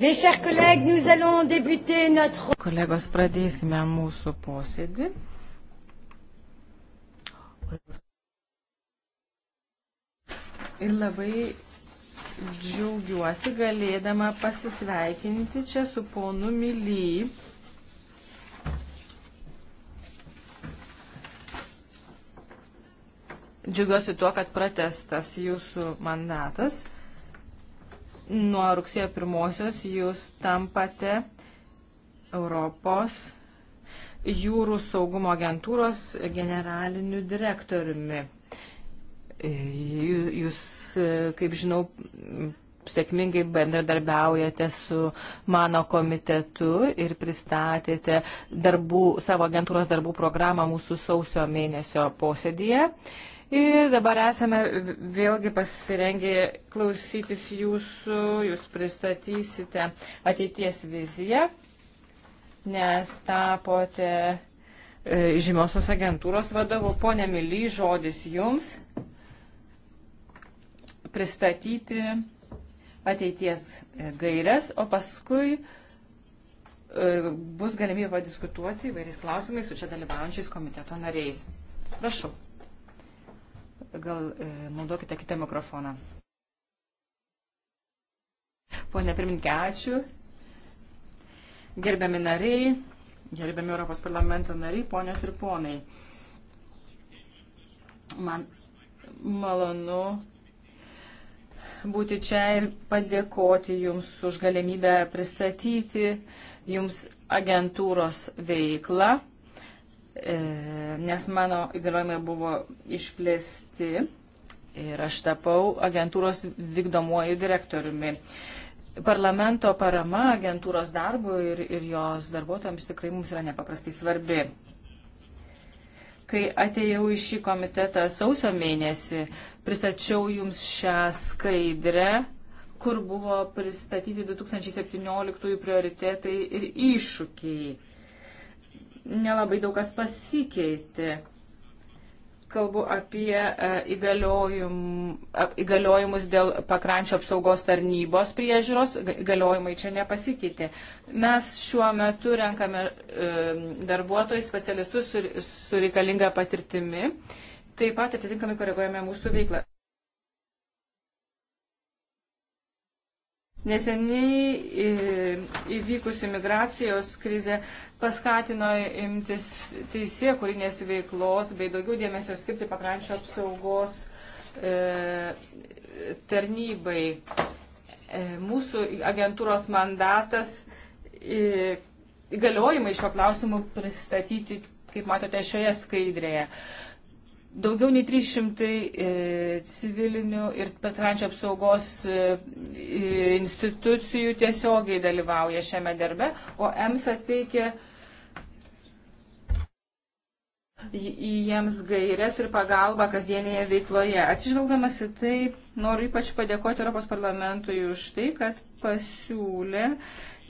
Kolegos, pradėsime mūsų posėdį. Ir labai džiaugiuosi galėdama pasisveikinti čia su ponu Myly. Džiaugiuosi tuo, kad pratestas jūsų mandatas nuo rugsėjo pirmosios jūs tampate Europos jūrų saugumo agentūros generaliniu direktoriumi. E, jūs, e, kaip žinau, sėkmingai bendradarbiaujate su mano komitetu ir pristatėte darbų, savo agentūros darbų programą mūsų sausio mėnesio posėdėje. Uh, Ir dabar esame vėlgi pasirengę klausytis jūsų, jūs pristatysite ateities viziją, nes tapote e, žymiosios agentūros vadovu. Pone Mily, žodis jums pristatyti ateities e, gairias, o paskui e, bus galimybė padiskutuoti įvairiais klausimais su čia dalyvaujančiais komiteto nariais. Prašau. Gal e, naudokite kitą mikrofoną. Pone pirmininkė, ačiū. Gerbiami nariai, gerbiami Europos parlamento nariai, ponios ir ponai. Man malonu būti čia ir padėkoti Jums už galimybę pristatyti Jums agentūros veiklą E, nes mano įgaliojimai buvo išplėsti ir aš tapau agentūros vykdomuoju direktoriumi. Parlamento parama agentūros darbui ir, ir jos darbuotojams tikrai mums yra nepaprastai svarbi. Kai atėjau į šį komitetą sausio mėnesį, pristačiau jums šią skaidrę, kur buvo pristatyti 2017 prioritetai ir iššūkiai nelabai daug kas pasikeitė. Kalbu apie e, įgaliojim, e, įgaliojimus dėl pakrančio apsaugos tarnybos priežiūros. Įgaliojimai čia nepasikeitė. Mes šiuo metu renkame e, darbuotojus, specialistus su, su reikalinga patirtimi. Taip pat atitinkamai koreguojame mūsų veiklą. Neseniai e, įvykusi migracijos krizė paskatino imtis teisė kūrinės veiklos bei daugiau dėmesio skirti pakrančio apsaugos e, tarnybai. E, mūsų agentūros mandatas e, įgaliojimai e, šio klausimu pristatyti, kaip matote, šioje skaidrėje. E, Daugiau nei 300 e, civilinių ir patrančio apsaugos e, institucijų tiesiogiai dalyvauja šiame darbe, o EMSA teikia jiems gairias ir pagalbą kasdienėje veikloje. Atsižvelgdamas į tai, noriu ypač padėkoti Europos parlamentui už tai, kad pasiūlė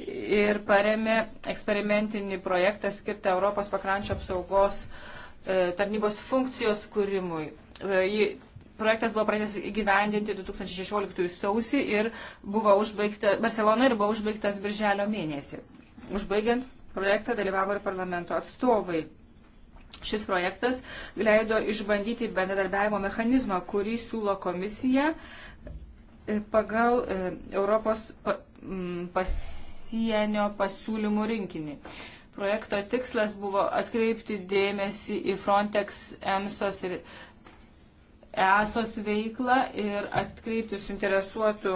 ir paremė eksperimentinį projektą skirtą Europos pakrančio apsaugos e, E, tarnybos funkcijos kūrimui. E, projektas buvo pradėtas įgyvendinti 2016 sausį ir buvo užbaigta Barcelona ir buvo užbaigtas birželio mėnesį. Užbaigiant projektą dalyvavo ir parlamento atstovai. Šis projektas leido išbandyti bendradarbiavimo mechanizmą, kurį siūlo komisija e, pagal Europos pasienio pasiūlymų rinkinį. Projekto tikslas buvo atkreipti dėmesį į Frontex, EMSOS ir ESOS veiklą ir atkreipti suinteresuotų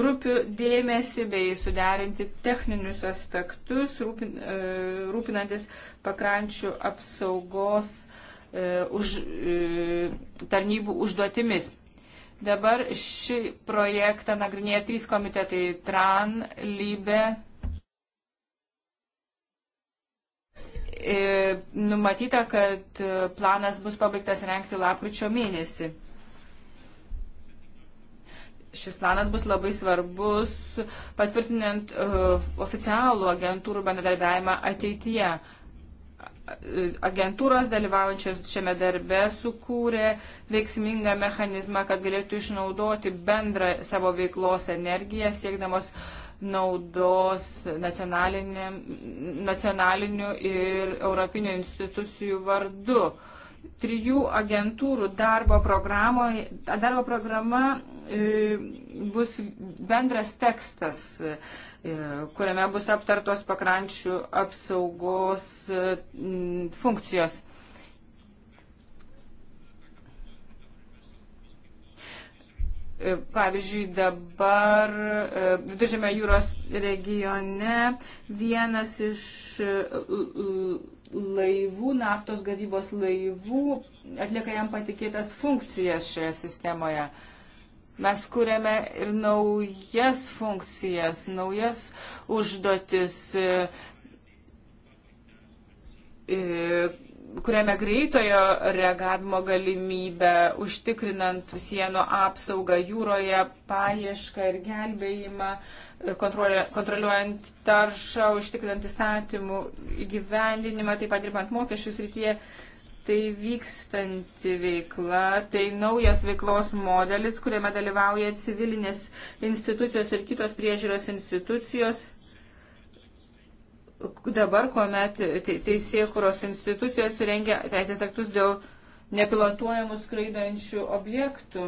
grupių dėmesį bei suderinti techninius aspektus, rūpin, e, rūpinantis pakrančių apsaugos e, už, e, tarnybų užduotimis. Dabar šį projektą nagrinėja trys komitetai - TRAN, LYBE E, numatyta, kad e, planas bus pabaigtas renkti lapkričio mėnesį. Šis planas bus labai svarbus, patvirtinant uh, oficialų agentūrų bendradarbiavimą ateityje. Agentūros dalyvaujančios šiame darbe sukūrė veiksmingą mechanizmą, kad galėtų išnaudoti bendrą savo veiklos energiją, siekdamos uh, naudos nacionalinių ir europinių institucijų vardu. Trijų agentūrų darbo, darbo programa e, bus bendras tekstas, e, kuriame bus aptartos pakrančių apsaugos e, funkcijos. E, pavyzdžiui, dabar e, Viduržėme jūros regione vienas iš e, laivų, naftos gavybos laivų atlieka jam patikėtas funkcijas šioje sistemoje. Mes kūrėme ir naujas funkcijas, naujas užduotis, kuriame greitojo reagavimo galimybę, užtikrinant sienų apsaugą jūroje, paiešką ir gelbėjimą, kontroliuojant taršą, užtikrinant įstatymų įgyvendinimą, taip pat dirbant mokesčių srityje. Tai vykstanti veikla, tai naujas veiklos modelis, kuriame dalyvauja civilinės institucijos ir kitos priežiūros institucijos dabar, kuomet teisėkuros institucijos rengia teisės aktus dėl nepilotuojamų skraidančių objektų.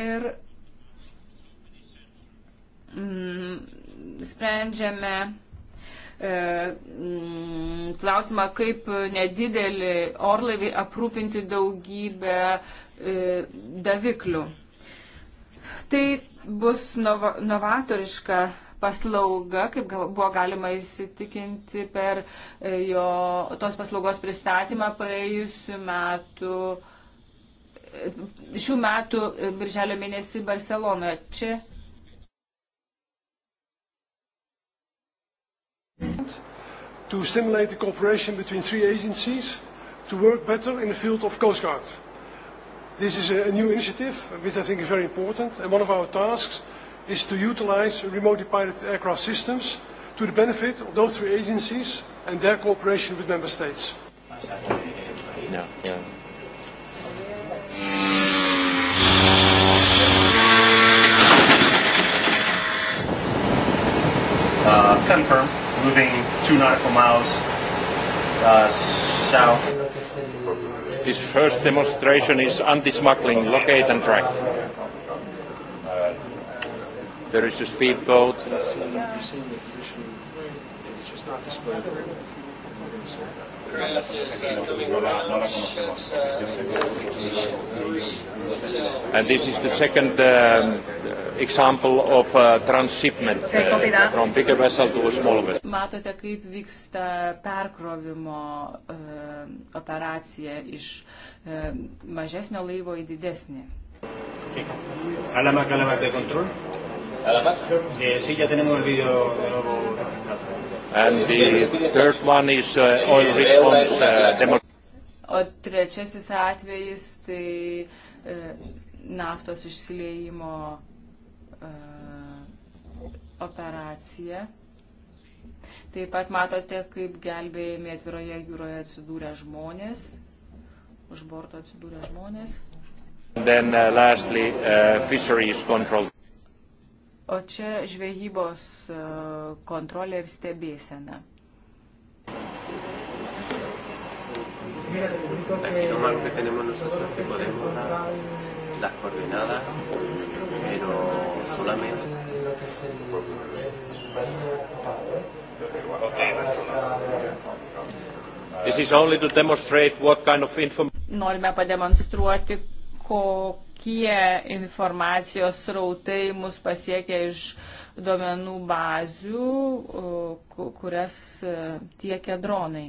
Ir mm, sprendžiame e, mm, klausimą, kaip nedidelį orlaivį aprūpinti daugybę e, daviklių. Tai bus nova, novatoriška paslauga, kaip buvo galima įsitikinti per e, jo tos paslaugos pristatymą praėjusiu metu. E, šių metų e, birželio mėnesį Barcelonoje. Čia to stimulate the cooperation between three agencies to work better in the field of Coast Guard. This is a new initiative, which I think is very important, and one of our tasks is to utilize remotely piloted aircraft systems to the benefit of those three agencies and their cooperation with member states. No, yeah. Uh, confirm, moving two nautical miles uh, south. This first demonstration is anti-smuggling, locate and track. There is a speedboat. You've seen, you've seen the position. It's just not displayed. And this is the second um, uh, example of uh, transshipment uh, from bigger vessel to a small vessel. Matote, kaip vyksta perkrovimo uh, operacija iš uh, mažesnio laivo į didesnį. Sí. ¿A la Mac, a la Mac de control? ¿A la Mac? Eh, sí, ya tenemos el vídeo de nuevo refrescado. And the third one is uh, oil response uh, demo. O trečiasis atvejis tai e, naftos išsiliejimo e, operacija. Taip pat matote, kaip gelbėjami atviroje jūroje atsidūrę žmonės, už borto atsidūrę žmonės. Then, uh, lastly, uh, o čia žvejybos uh, kontrolė ir stebėsena. Aquí lo malo que tenemos nosotros es que podemos dar las coordenadas, pero solamente. This is only to demonstrate what kind of information. Norime pademonstruoti, kokie informacijos srautai mus pasiekia iš duomenų bazių, kurias e, tiekia dronai.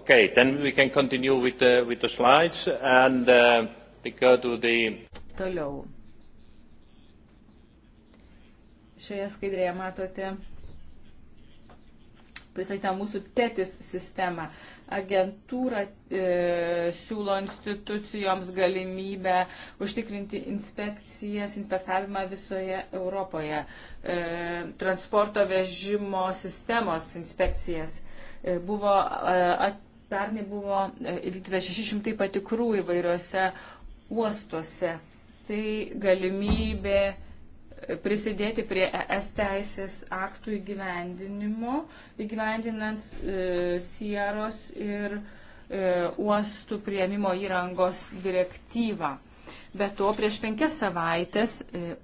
Okay, then we can continue with the, with the slides and uh, we go to the. Toliau. Šioje skaidrėje matote pristatytą mūsų TETIS sistemą. Agentūra e, siūlo institucijoms galimybę užtikrinti inspekcijas, inspektavimą visoje Europoje, e, transporto vežimo sistemos inspekcijas. E, buvo, e, pernai buvo e, įvykdyta 600 patikrų įvairiuose uostuose. Tai galimybė prisidėti prie ES teisės aktų įgyvendinimo, įgyvendinant e, sieros ir e, uostų prieimimo įrangos direktyvą. Be to, prieš penkias savaitės, e,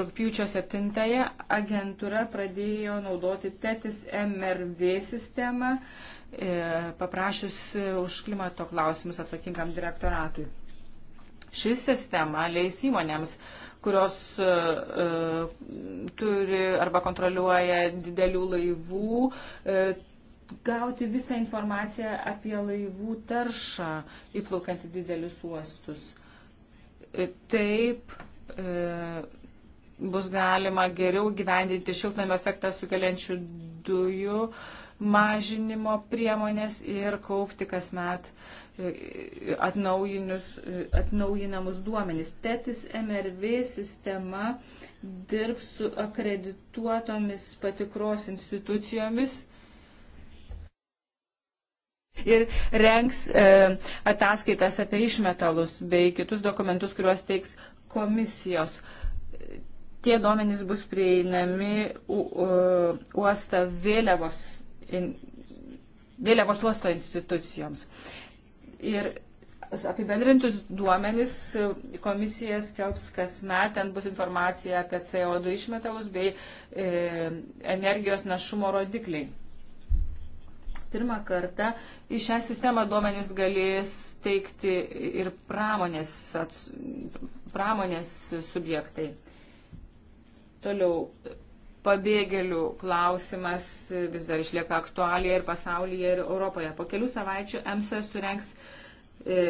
rūpiučio 7-ąją, agentūra pradėjo naudoti TETIS MRV sistemą, e, paprašius e, už klimato klausimus atsakingam direktoratui. Ši sistema leis įmonėms kurios uh, turi arba kontroliuoja didelių laivų, uh, gauti visą informaciją apie laivų taršą įplaukiant į didelius uostus. Taip uh, bus galima geriau gyvendinti šiltnamio efektą sukeliančių dujų uh, mažinimo priemonės ir kaupti kasmet e, e, atnaujinamus duomenys. TETIS MRV sistema dirbs su akredituotomis patikros institucijomis ir renks e, ataskaitas apie išmetalus bei kitus dokumentus, kuriuos teiks komisijos. Tie duomenys bus prieinami u, u, uosta vėliavos in, vėliavos uosto institucijoms. Ir apibendrintus duomenis komisija skelbs kasmet, ten bus informacija apie CO2 išmetalus bei e, energijos našumo rodikliai. Pirmą kartą į šią sistemą duomenys galės teikti ir pramonės, ats, pramonės subjektai. Toliau Pabėgėlių klausimas vis dar išlieka aktualija ir pasaulyje, ir Europoje. Po kelių savaičių MSA surenks e,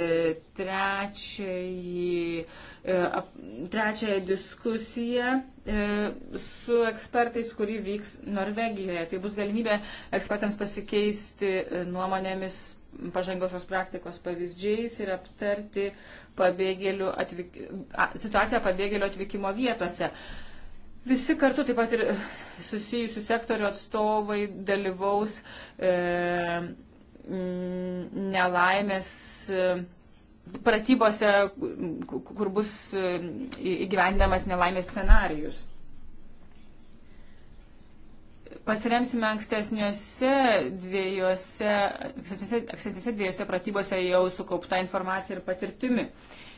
trečiąjį, e, ap, trečiąją diskusiją e, su ekspertais, kuri vyks Norvegijoje. Tai bus galimybė ekspertams pasikeisti e, nuomonėmis pažangosios praktikos pavyzdžiais ir aptarti pabėgėlių atvyk... situaciją pabėgėlių atvykimo vietose. E, Visi kartu, taip pat ir eh, susijusių sektorių atstovai dalyvaus e, mm, nelaimės e, pratybose, kur bus e, įgyvendamas nelaimės scenarius. Pasiremsime ankstesniuose dviejose, ankstesniuose, ankstesniuose dviejose pratybose jau sukaupta informacija ir patirtimi. E,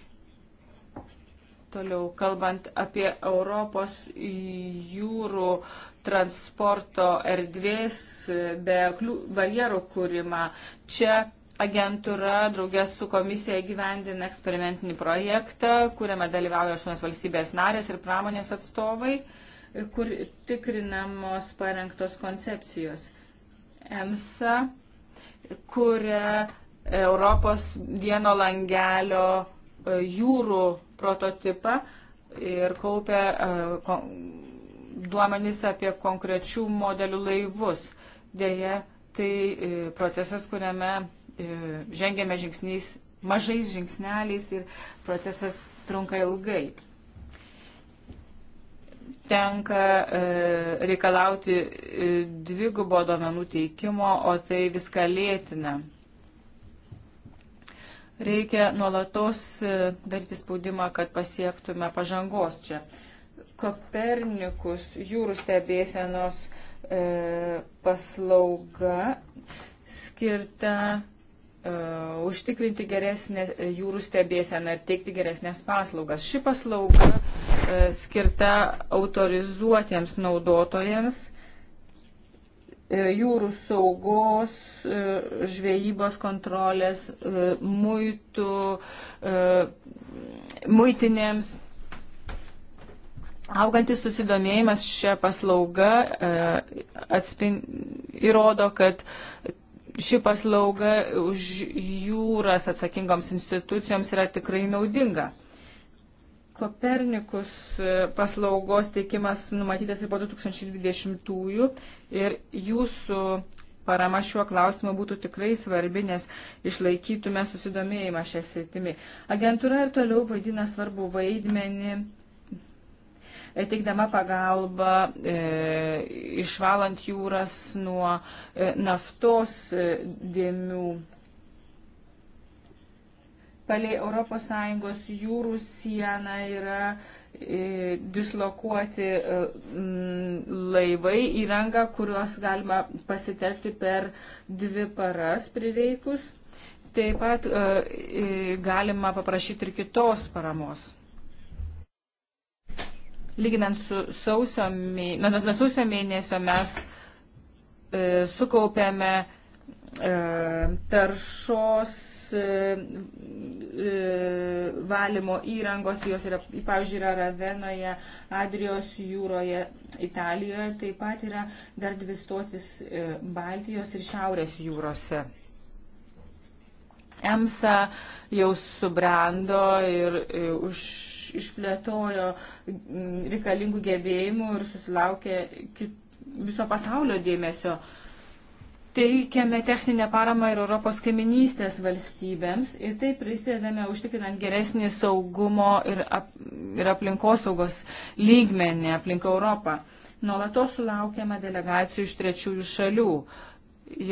Toliau, kalbant apie Europos jūrų transporto erdvės e, be barjerų kūrimą, čia agentūra draugės su komisija gyvendina eksperimentinį projektą, kuriame dalyvauja aštuonios valstybės narės ir pramonės atstovai, e, kur tikrinamos parengtos koncepcijos. EMSA, kuria Europos vieno langelio E, jūrų prototipą ir kaupia e, duomenys apie konkrečių modelių laivus. Deja, tai e, procesas, kuriame žengėme žingsniais, mažais žingsneliais ir procesas trunka ilgai. Tenka reikalauti dvigubo duomenų teikimo, o tai viską lėtina. Reikia nuolatos e, daryti spaudimą, kad pasiektume pažangos čia. Kopernikus jūrų stebėsenos e, paslauga skirta e, užtikrinti geresnę e, jūrų stebėseną ir teikti geresnės paslaugas. Ši paslauga skirta autorizuotiems naudotojams E, jūrų saugos, e, žvejybos kontrolės, e, muitų, muitinėms. Augantis susidomėjimas šią paslaugą atspin, įrodo, kad ši paslauga už jūras atsakingoms institucijoms yra tikrai naudinga. Kopernikus e, paslaugos teikimas numatytas ir po 2020-ųjų ir jūsų parama šiuo klausimu būtų tikrai svarbi, nes išlaikytume susidomėjimą šią sritimį. Agentūra ir toliau vaidina svarbu vaidmenį, e, teikdama pagalbą, e, išvalant jūras nuo e, naftos e, dėmių palei ES jūrų sieną yra e, dislokuoti e, laivai įranga, kuriuos galima pasitelkti per dvi paras prireikus. Taip pat e, galima paprašyti ir kitos paramos. Lyginant su sausio, nuo, nuo sausio mėnesio mes e, sukaupėme e, taršos E, e, valymo įrangos, jos yra, pavyzdžiui, yra Ravenoje, Adrijos jūroje, Italijoje, taip pat yra dar dvi stotis e, Baltijos ir Šiaurės jūrose. EMSA jau subrendo ir už, išplėtojo reikalingų gebėjimų ir susilaukė kit, viso pasaulio dėmesio. Uh, teikiame techninę paramą ir Europos kaiminystės valstybėms ir taip prisidedame užtikrinant geresnį saugumo ir, ap, ir aplinkosaugos lygmenį aplink Europą. Nuolatos sulaukiame delegacijų iš trečiųjų šalių.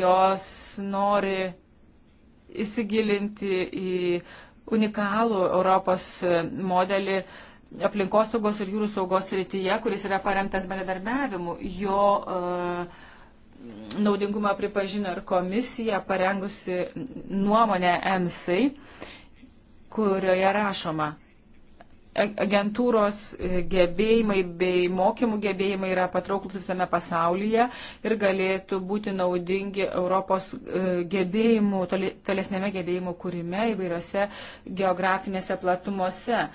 Jos nori įsigilinti į unikalų Europos modelį aplinkosaugos ir jūrų saugos rytyje, kuris yra paremtas bendradarbiavimu. Jo uh, naudingumą pripažino ir komisija, parengusi nuomonę EMSAI, kurioje rašoma, agentūros e, gebėjimai bei mokymų gebėjimai yra patrauklus visame pasaulyje ir galėtų būti naudingi Europos e, gebėjimų, tolesnėme gebėjimų kūrime įvairiose geografinėse platumose.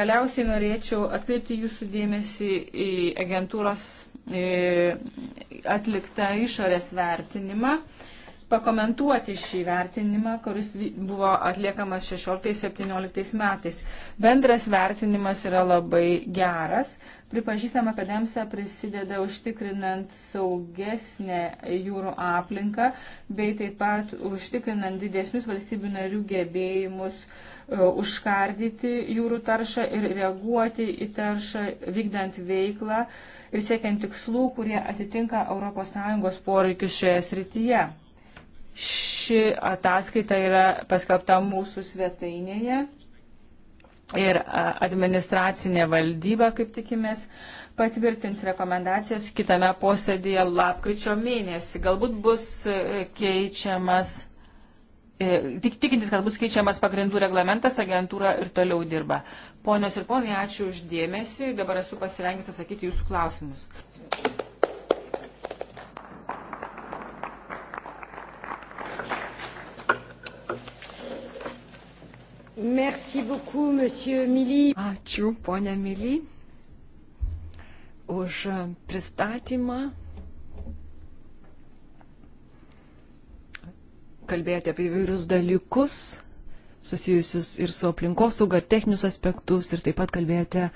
Galiausiai norėčiau atkreipti jūsų dėmesį į agentūros atliktą išorės vertinimą, pakomentuoti šį vertinimą, kuris buvo atliekamas 16-17 metais. Bendras vertinimas yra labai geras. Pripažįstama, kad EMSA prisideda užtikrinant saugesnę jūrų aplinką, bei taip pat užtikrinant didesnius valstybių narių gebėjimus e, užkardyti jūrų taršą ir reaguoti į taršą vykdant veiklą uh, ir siekiant tikslų, kurie atitinka ES poreikius šioje srityje. Ši ataskaita yra paskelbta mūsų svetainėje ir administracinė valdyba, kaip tikimės, patvirtins rekomendacijas kitame posėdėje lapkričio mėnesį. Galbūt bus e, keičiamas E, tik tikintis, kad bus keičiamas pagrindų reglamentas, agentūra ir toliau dirba. Ponios ir ponai, ačiū uždėmesi. Dabar esu pasirengęs atsakyti jūsų klausimus. Merci beaucoup, monsieur Mili. Ačiū, ponia Mili, už pristatymą. kalbėjote apie įvairius dalykus susijusius ir su aplinkosauga, techninius aspektus ir taip pat kalbėjote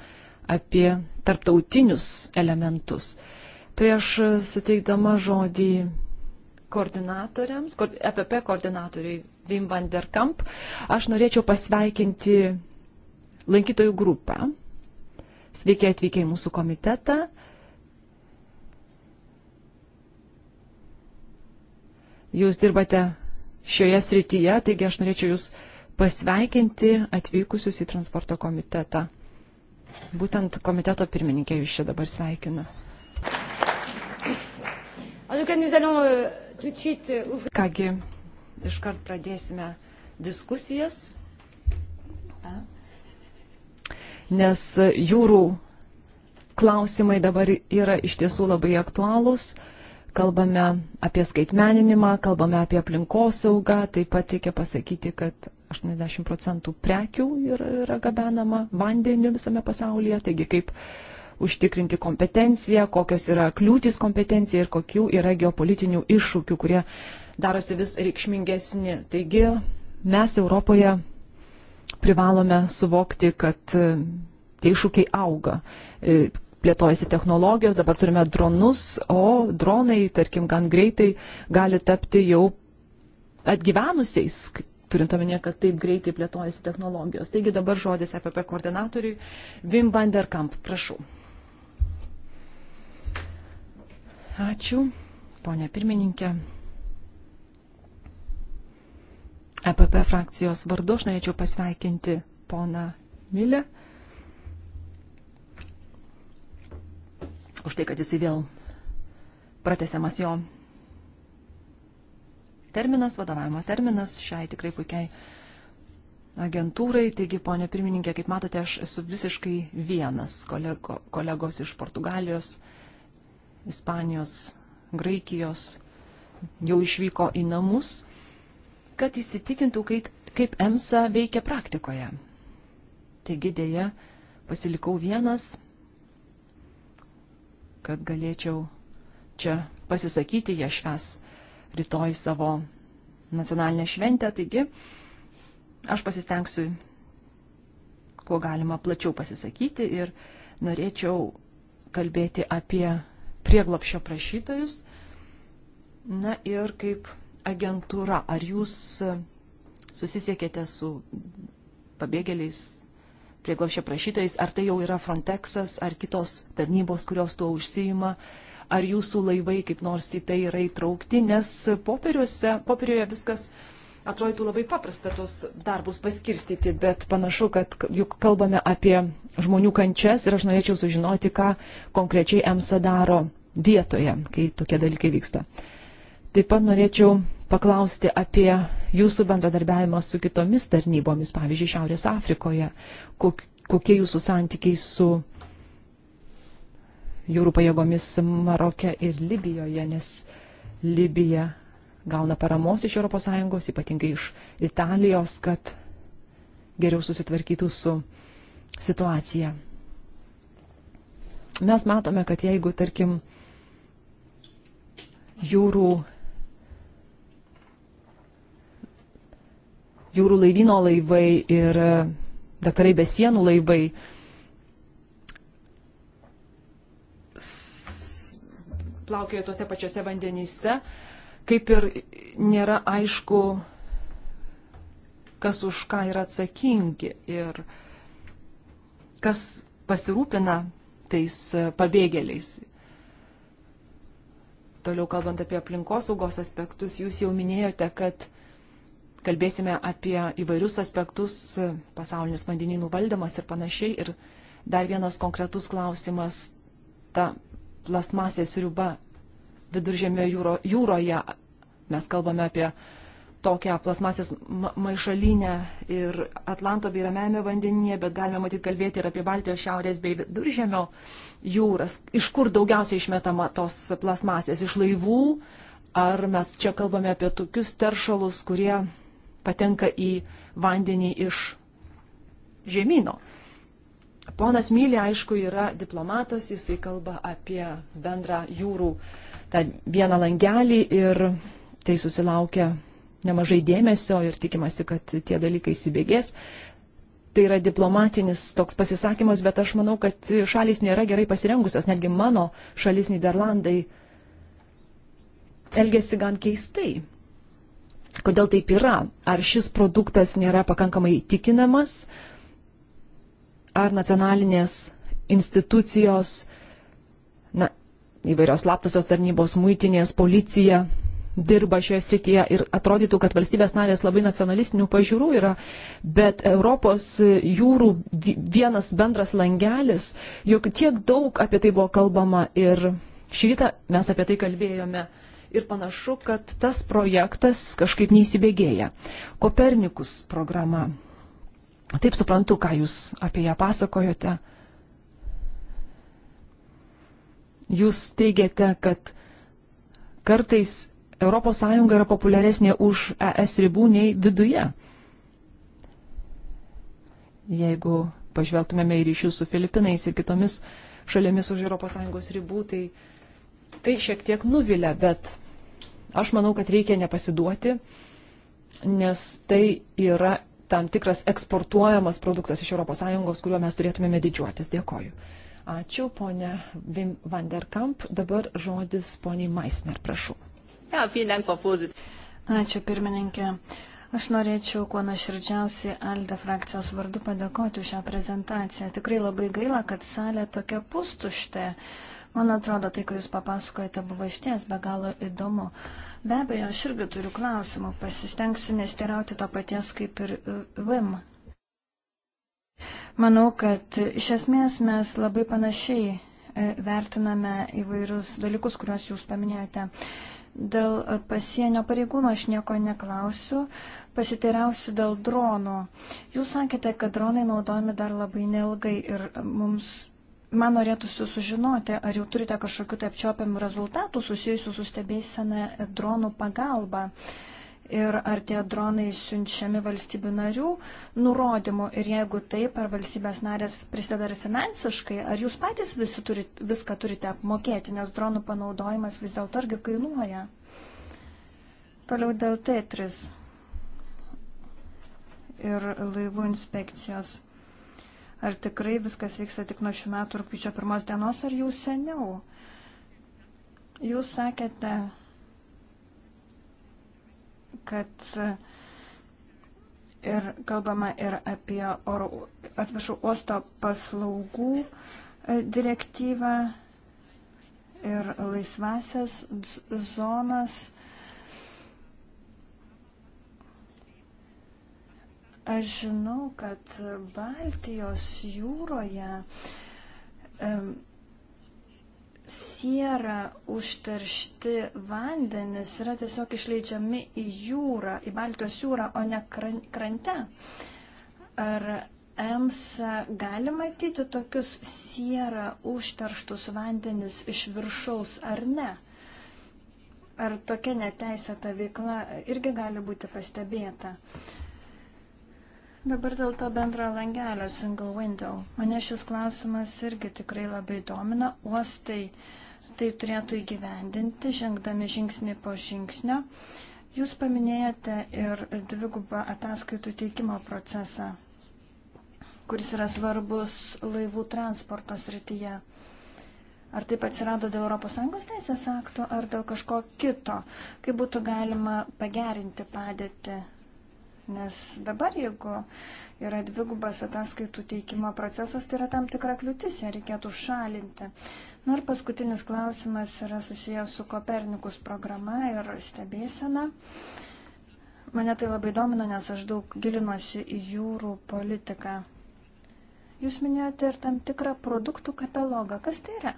apie tarptautinius elementus. Prieš suteikdama žodį koordinatoriams, EPP koordinatoriai Vim van der Kamp, aš norėčiau pasveikinti lankytojų grupę. Sveiki atvykę į mūsų komitetą. Jūs dirbate šioje srityje, taigi aš norėčiau Jūs pasveikinti atvykusius į transporto komitetą. Būtent komiteto pirmininkė Jūs čia dabar sveikina. Euh, euh, Kągi, iškart pradėsime diskusijas, nes jūrų klausimai dabar yra iš tiesų labai aktualūs kalbame apie skaitmeninimą, kalbame apie aplinkosaugą, taip pat reikia pasakyti, kad 80 procentų prekių yra, yra gabenama vandeniu visame pasaulyje, taigi kaip užtikrinti kompetenciją, kokios yra kliūtis kompetencija ir kokių yra geopolitinių iššūkių, kurie darosi vis reikšmingesni. Taigi mes Europoje privalome suvokti, kad tie iššūkiai auga plėtojasi technologijos, dabar turime dronus, o dronai, tarkim, gan greitai gali tapti jau atgyvenusiais, turint omenyje, kad taip greitai plėtojasi technologijos. Taigi dabar žodis EPP koordinatoriui Vim van der Kamp, prašau. Ačiū, ponė pirmininkė. EPP frakcijos vardu aš norėčiau pasveikinti poną Milę. už tai, kad jisai vėl pratesiamas jo terminas, vadovavimo terminas šiai tikrai puikiai agentūrai. Taigi, ponė pirmininkė, kaip matote, aš esu visiškai vienas kolego, kolegos iš Portugalijos, Ispanijos, Graikijos jau išvyko į namus, kad įsitikintų, kaip, kaip EMSA veikia praktikoje. Taigi dėja pasilikau vienas, kad galėčiau čia pasisakyti, jie šves rytoj savo nacionalinę šventę, taigi aš pasistengsiu, kuo galima plačiau pasisakyti ir norėčiau kalbėti apie prieglopšio prašytojus. Na ir kaip agentūra, ar jūs susisiekėte su pabėgėliais prieglobščio prašytojais, ar tai jau yra Frontexas, ar kitos tarnybos, kurios tuo užsijima, ar jūsų laivai kaip nors į tai yra įtraukti, nes popieriuje viskas atrodytų labai paprasta tuos darbus paskirstyti, bet panašu, kad juk kalbame apie žmonių kančias ir aš norėčiau sužinoti, ką konkrečiai EMSA daro vietoje, kai tokie dalykai vyksta. Taip pat norėčiau paklausti apie jūsų bendradarbiavimą su kitomis tarnybomis, pavyzdžiui, Šiaurės Afrikoje, kokie jūsų santykiai su jūrų pajėgomis Maroke ir Libijoje, nes Libija gauna paramos iš ES, ypatingai iš Italijos, kad geriau susitvarkytų su situacija. Mes matome, kad jeigu, tarkim, jūrų jūrų laivyno laivai ir e, daktarai be sienų laivai. plaukioja tuose pačiuose vandenyse, kaip ir nėra aišku, kas už ką yra atsakingi ir kas pasirūpina tais e, pabėgėliais. Toliau kalbant apie aplinkosaugos aspektus, jūs jau minėjote, kad kalbėsime apie įvairius aspektus, pasaulinis vandeninų valdymas ir panašiai. Ir dar vienas konkretus klausimas - ta plasmasė sriuba viduržėmio jūro, jūroje. Mes kalbame apie tokią plasmasės maišalinę ir Atlanto bei Ramėme vandenyje, bet galime matyti kalbėti ir apie Baltijos šiaurės bei viduržėmio jūras. Iš kur daugiausiai išmetama tos plasmasės? Iš laivų? Ar mes čia kalbame apie tokius teršalus, kurie patenka į vandenį iš žemynų. Ponas Mylė, aišku, yra diplomatas, jisai kalba apie bendrą jūrų tą vieną langelį ir tai susilaukia nemažai dėmesio ir tikimasi, kad tie dalykai įsibėgės. Tai yra diplomatinis toks pasisakymas, bet aš manau, kad šalis nėra gerai pasirengusios, netgi mano šalis Niderlandai elgesi gan keistai. Kodėl taip yra? Ar šis produktas nėra pakankamai tikinamas? Ar nacionalinės institucijos, na, įvairios slaptosios tarnybos, muitinės, policija dirba šioje srityje ir atrodytų, kad valstybės narės labai nacionalistinių pažiūrų yra, bet Europos jūrų vienas bendras langelis, juk tiek daug apie tai buvo kalbama ir šį rytą mes apie tai kalbėjome ir panašu, kad tas projektas kažkaip neįsibėgėja. Kopernikus programa. Taip suprantu, ką jūs apie ją pasakojote. Jūs teigiate, kad kartais ES yra populiaresnė už ES ribų nei viduje. Jeigu pažvelgtumėme į ryšius su Filipinais ir kitomis šalėmis už ES ribų, tai tai šiek tiek nuvilia, bet Aš manau, kad reikia nepasiduoti, nes tai yra tam tikras eksportuojamas produktas iš ES, kuriuo mes turėtumėme didžiuotis. Dėkoju. Ačiū, ponė Vim van der Kamp. Dabar žodis poniai Maisner, prašau. Ačiū, pirmininkė. Aš norėčiau kuo nuoširdžiausiai Alde frakcijos vardu padėkoti už šią prezentaciją. Tikrai labai gaila, kad salė tokia pustuštė. Uh, Man atrodo, tai, ką Jūs papasakojate, buvo išties be galo įdomu. Be abejo, aš irgi turiu klausimų, pasistengsiu nesteriauti to paties kaip ir e, VIM. Manau, kad iš esmės mes labai panašiai e, vertiname įvairius dalykus, kuriuos Jūs paminėjote. Dėl e, pasienio pareigūno aš nieko neklausiu, pasiteiriausiu dėl dronų. Jūs sakėte, kad dronai naudojami dar labai neilgai ir mums Man norėtųsi sužinoti, ar jau turite kažkokiu tai apčiopiamų rezultatų susijusių su stebėsena dronų pagalba. Ir ar tie dronai siunčiami valstybių narių nurodymų ir jeigu taip, ar valstybės narės prisideda ir finansiškai, ar jūs patys visi turit, viską turite apmokėti, nes dronų panaudojimas vis dėlto irgi kainuoja. Toliau dėl T3 ir laivų inspekcijos. Ar tikrai viskas vyksta tik nuo šių metų rūpiučio pirmos dienos, ar jau seniau? Jūs sakėte, kad ir kalbama ir apie oro, atsiprašau, uosto paslaugų e, direktyvą ir laisvasias zonas. Aš žinau, kad Baltijos jūroje um, siera užteršti vandenis yra tiesiog išleidžiami į jūrą, į Baltijos jūrą, o ne krante. Ar EMSA gali matyti tokius siera užterštus vandenis iš viršaus ar ne? Ar tokia neteisėta veikla irgi gali būti pastebėta? Uh, Dabar dėl to bendro langelio, single window. Mane šis klausimas irgi tikrai labai domina. Uostai tai turėtų įgyvendinti, žengdami žingsnį po žingsnio. Jūs paminėjote ir dvigubą ataskaitų teikimo procesą, kuris yra svarbus laivų transporto srityje. Ar taip atsirado dėl ES teisės akto, ar dėl kažko kito, kaip būtų galima pagerinti padėtį Nes dabar, jeigu yra dvigubas ataskaitų teikimo procesas, tai yra tam tikra kliūtis, ją reikėtų šalinti. Na ir paskutinis klausimas yra susijęs su Kopernikus programa ir stebėsena. Mane tai labai domino, nes aš daug gilinuosi į jūrų politiką. Jūs minėjote ir tam tikrą produktų katalogą. Kas tai yra?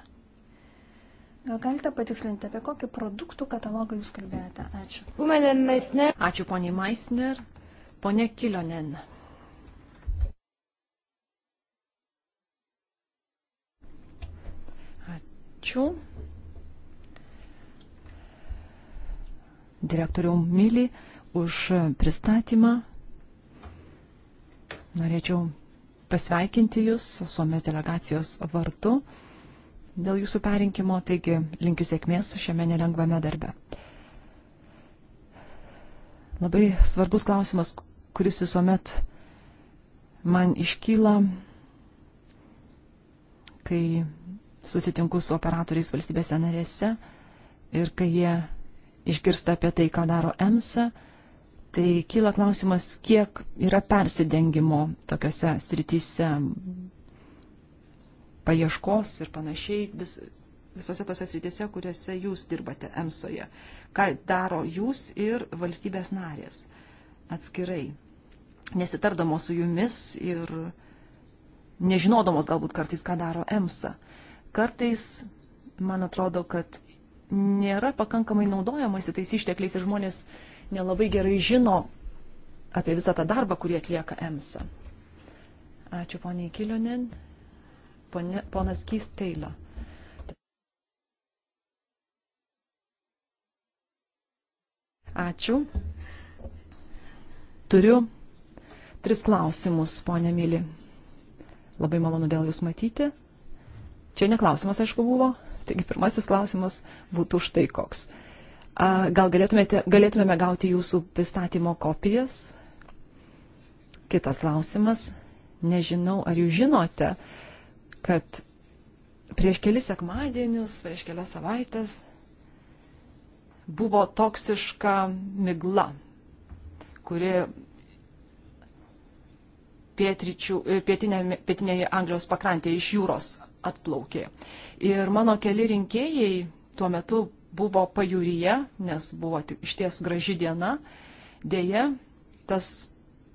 Gal galite patikslinti, apie kokį produktų katalogą jūs kalbėjote? Ačiū. Ačiū, poniai Maisner. Pone Kilonen. Ačiū. Direktoriau Mili už pristatymą. Norėčiau pasveikinti Jūs Suomės delegacijos vartu dėl Jūsų perinkimo, taigi linkiu sėkmės šiame nelengvame darbe. Labai svarbus klausimas, kuris visuomet man iškyla, kai susitinku su operatoriais valstybėse narėse ir kai jie išgirsta apie tai, ką daro EMSA, tai kyla klausimas, kiek yra persidengimo tokiuose srityse paieškos ir panašiai vis, visose tose srityse, kuriuose jūs dirbate EMSOje. Ką daro jūs ir valstybės narės atskirai nesitardamos su jumis ir nežinodamos galbūt kartais, ką daro EMSA. Kartais, man atrodo, kad nėra pakankamai naudojamasi tais ištekliais ir žmonės nelabai gerai žino apie visą tą darbą, kurį atlieka EMSA. Ačiū poniai Kilionin, ponas Keith Taylor. Ačiū. Turiu tris klausimus, ponė Mili. Labai malonu vėl Jūs matyti. Čia neklausimas, aišku, buvo. Taigi pirmasis klausimas būtų štai koks. Gal galėtumėme gauti Jūsų pristatymo kopijas? Kitas klausimas. Nežinau, ar Jūs žinote, kad prieš kelis sekmadienius, prieš kelias savaitės buvo toksiška migla, kuri E, pietinėje, pietinėje Anglijos pakrantėje iš jūros atplaukė. Ir mano keli rinkėjai tuo metu buvo pajūryje, nes buvo išties graži diena. Deja, tas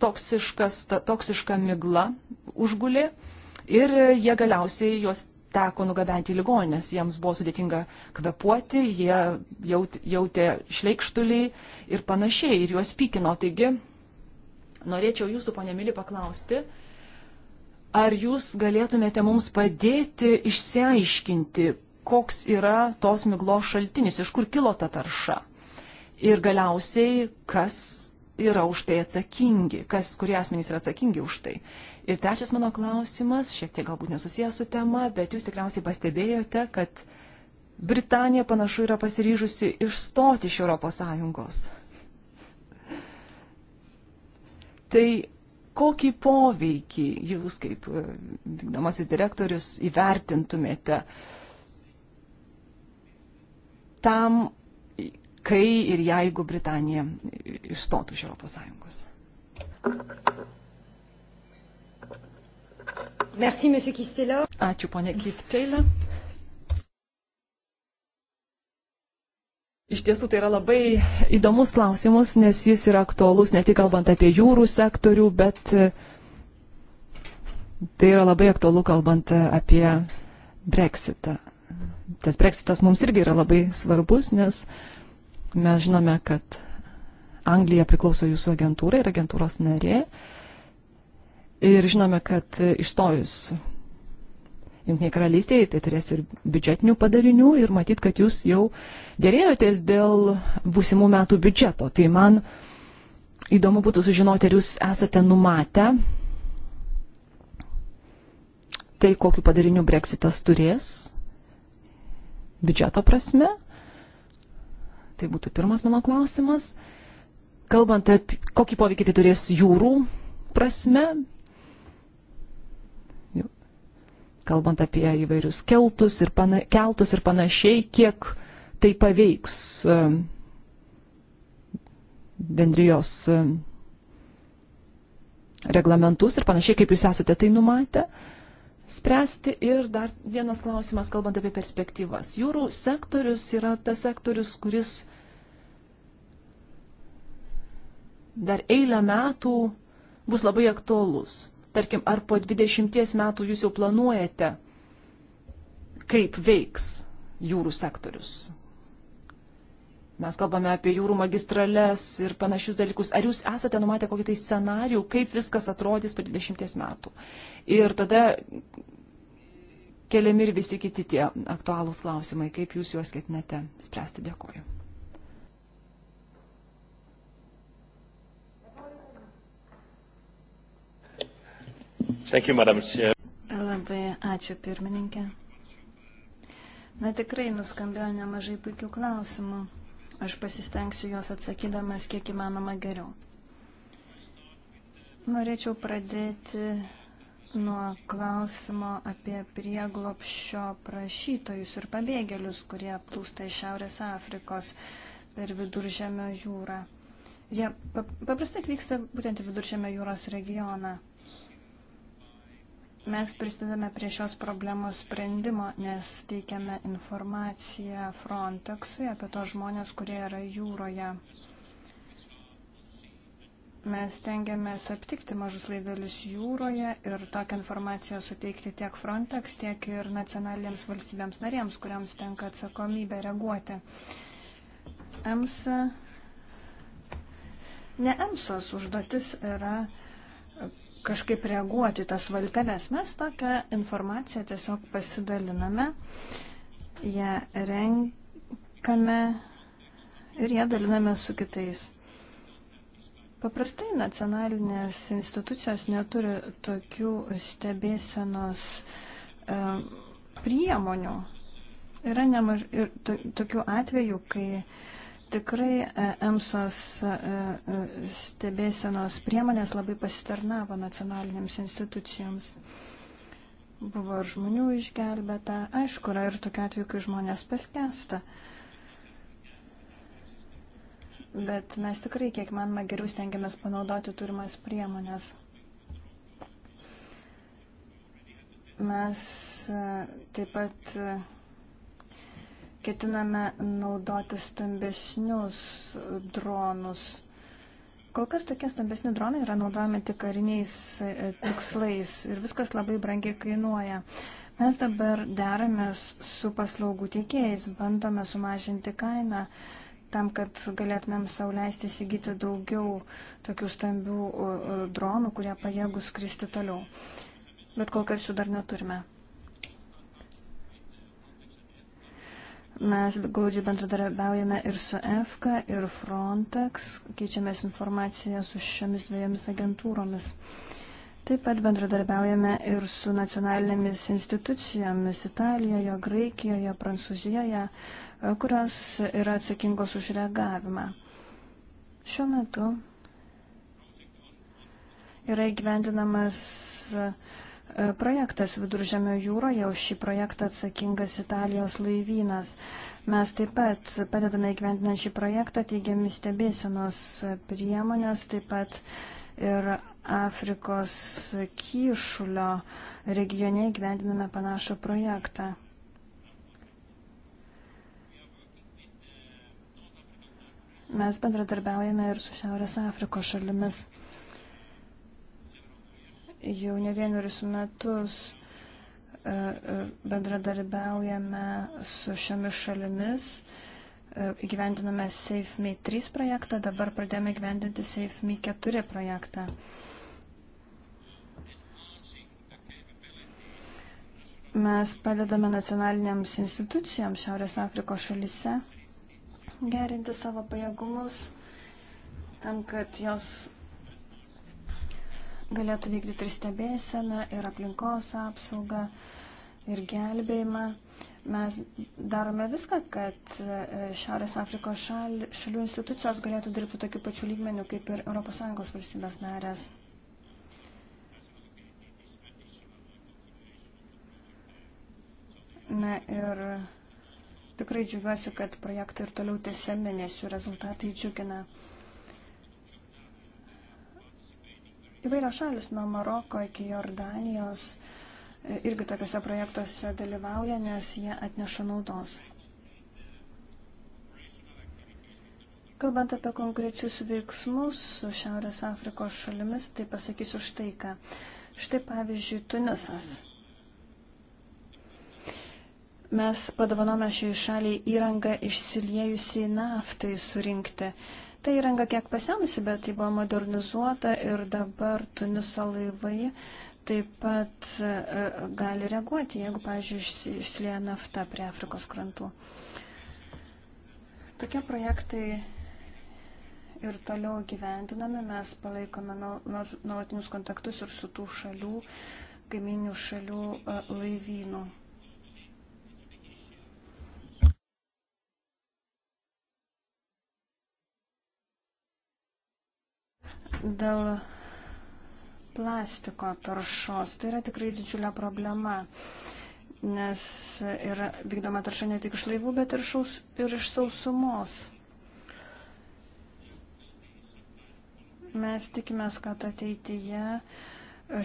toksiškas, ta toksiška migla užgulė ir jie galiausiai juos teko nugabenti į ligoninės, jiems buvo sudėtinga kvepuoti, jie jaut, jautė šleikštulį ir panašiai, ir juos pykino. Taigi Norėčiau jūsų, ponė Mili, paklausti, ar jūs galėtumėte mums padėti išsiaiškinti, koks yra tos miglos šaltinis, iš kur kilo ta tarša. Ir galiausiai, kas yra už tai atsakingi, kas, kurie asmenys yra atsakingi už tai. Ir trečias mano klausimas, šiek tiek galbūt nesusijęs su tema, bet jūs tikriausiai pastebėjote, kad Britanija panašu yra pasiryžusi išstoti iš ES. Tai kokį poveikį jūs kaip e, vykdomasis direktorius įvertintumėte tam, kai ir jeigu Britanija išstotų iš Europos Sąjungos? Merci, Ačiū, ponė Kiftelė. Iš tiesų tai yra labai įdomus klausimas, nes jis yra aktuolus ne tik kalbant apie jūrų sektorių, bet e, tai yra labai aktualu kalbant e, apie breksitą. Tas breksitas mums irgi yra labai svarbus, nes mes žinome, kad Anglija priklauso jūsų agentūrai ir agentūros narė. Ir žinome, kad išstojus Junkiniai karalystėje, tai turės ir biudžetinių padarinių ir matyt, kad jūs jau dėrėjotės dėl būsimų metų biudžeto. Tai man įdomu būtų sužinoti, ar jūs esate numatę tai, kokiu padariniu breksitas turės biudžeto prasme. Tai būtų pirmas mano klausimas. Kalbant apie kokį poveikį tai turės jūrų prasme, kalbant apie įvairius keltus ir, pana, keltus ir panašiai, kiek tai paveiks e, bendrijos e, reglamentus ir panašiai, kaip jūs esate tai numatę spręsti. Ir dar vienas klausimas, kalbant apie perspektyvas. Jūrų sektorius yra tas sektorius, kuris dar eilę metų bus labai aktuolus tarkim, ar po 20 metų jūs jau planuojate, kaip veiks jūrų sektorius. Mes kalbame apie jūrų magistrales ir panašius dalykus. Ar jūs esate numatę kokį tai scenarių, kaip viskas atrodys po 20 metų? Ir tada keliami ir visi kiti tie aktualūs klausimai, kaip jūs juos ketinate spręsti. Dėkuoju. Thank you, madam. Labai ačiū pirmininkė. Na tikrai nuskambėjo nemažai puikių klausimų. Aš pasistengsiu juos atsakydamas kiek įmanoma geriau. Norėčiau pradėti nuo klausimo apie prieglopščio prašytojus ir pabėgėlius, kurie plūsta iš Šiaurės Afrikos per viduržėmio jūrą. Jie paprastai atvyksta būtent į viduržėmio jūros regioną. Mes prisidame prie šios problemos sprendimo, nes teikiame informaciją Frontexui apie tos žmonės, kurie yra jūroje. Mes tengiamės aptikti mažus laivelius jūroje ir tokią informaciją suteikti tiek Frontex, tiek ir nacionalinėms valstybėms narėms, kuriams tenka atsakomybė reaguoti. EMSA. Ne EMSOS užduotis yra kažkaip reaguoti tas valteles. Mes tokią informaciją tiesiog pasidaliname, ją renkame ir ją daliname su kitais. Paprastai nacionalinės institucijos neturi tokių stebėsenos e, priemonių. Yra nemažai to, tokių atvejų, kai Tikrai e, EMSOS e, e, stebėsenos priemonės labai pasitarnavo nacionalinėms institucijoms. Buvo ir žmonių išgelbėta, aišku, yra ir tokia atveju, kai žmonės paskesta. Bet mes tikrai, kiek manoma, geriau stengiamės panaudoti turimas priemonės. Mes taip pat ketiname naudoti stambesnius dronus. Kol kas tokie stambesni dronai yra naudojami tik kariniais e, tikslais ir viskas labai brangiai kainuoja. Mes dabar deramės su paslaugų teikėjais, bandome sumažinti kainą tam, kad galėtumėm sauliaisti įsigyti daugiau tokių stambių e, e, dronų, kurie pajėgų skristi toliau. Bet kol kas jų dar neturime. Mes glaudžiai bendradarbiaujame ir su EFKA, ir Frontex, keičiamės informaciją su šiomis dviejomis agentūromis. Taip pat bendradarbiaujame ir su nacionalinėmis institucijomis Italijoje, Graikijoje, Prancūzijoje, kurios yra atsakingos už reagavimą. Šiuo metu yra įgyvendinamas uh, E, projektas Viduržėmio jūroje, už šį projektą atsakingas Italijos laivynas. Mes taip pat padedame įgyventinant šį projektą, teigiami stebėsenos priemonės, taip pat ir Afrikos kyšulio regione įgyvendiname panašų projektą. Mes bendradarbiaujame ir su Šiaurės Afrikos šalimis. Jau ne vienerius metus e, e, bendradarbiaujame su šiomis šalimis e, įgyvendinome SafeMe 3 projektą, dabar pradėjome įgyvendinti SafeMe 4 projektą. Mes padedame nacionaliniams institucijoms Šiaurės Afrikos šalyse gerinti savo pajėgumus, tam, kad jos galėtų vykdyti ir stebėseną, ir aplinkos apsaugą, ir gelbėjimą. Mes darome viską, kad e, Šiaurės Afrikos šal, šalių institucijos galėtų dirbti tokiu pačiu lygmeniu kaip ir ES valstybės narės. Na ir tikrai džiugiuosi, kad projektai ir toliau tęsiami, nes jų rezultatai džiugina. Įvairios šalis nuo Maroko iki Jordanijos e, irgi tokiuose projektuose dalyvauja, nes jie atneša naudos. Kalbant apie konkrečius veiksmus su Šiaurės Afrikos šalimis, tai pasakysiu štai ką. Štai pavyzdžiui, Tunisas. Mes padovanome šiai šaliai įrangą išsiliejusiai naftai surinkti. Uh, Ta įranga kiek pasenusi, bet ji buvo modernizuota ir dabar Tuniso laivai taip pat e, gali reaguoti, jeigu, pavyzdžiui, išsilieja nafta prie Afrikos krantų. Tokie projektai ir toliau gyvendinami, mes palaikome nuolatinius kontaktus ir su tų šalių, kaiminių šalių e, laivynų. Dėl plastiko taršos. Tai yra tikrai didžiulė problema, nes yra vykdoma tarša ne tik iš laivų, bet ir, šaus, ir iš sausumos. Mes tikimės, kad ateityje uh,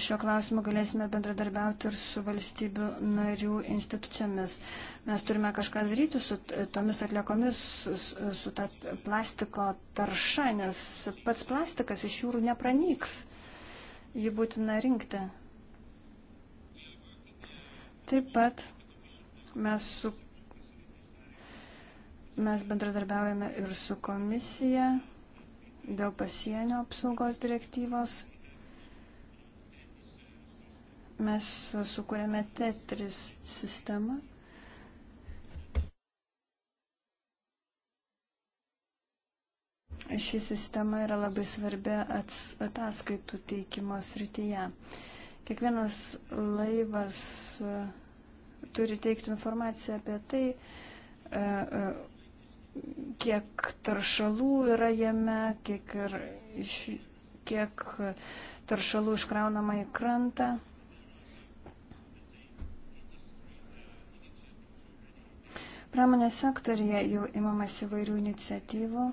Šio klausimo galėsime bendradarbiauti ir su valstybių narių institucijomis. Mes turime kažką daryti su tomis atliekomis, su, su ta plastiko tarša, nes pats plastikas iš jūrų nepranyks. Jį būtina rinkti. Taip pat mes, su, mes bendradarbiaujame ir su komisija dėl pasienio apsaugos direktyvos mes sukūrėme Tetris sistemą. Ši sistema yra labai svarbi ataskaitų teikimo srityje. Kiekvienas laivas e, turi teikti informaciją apie tai, e, e, kiek taršalų yra jame, kiek, ir, kiek taršalų iškraunama į krantą. Pramonės sektorija jau imamas įvairių iniciatyvų. E,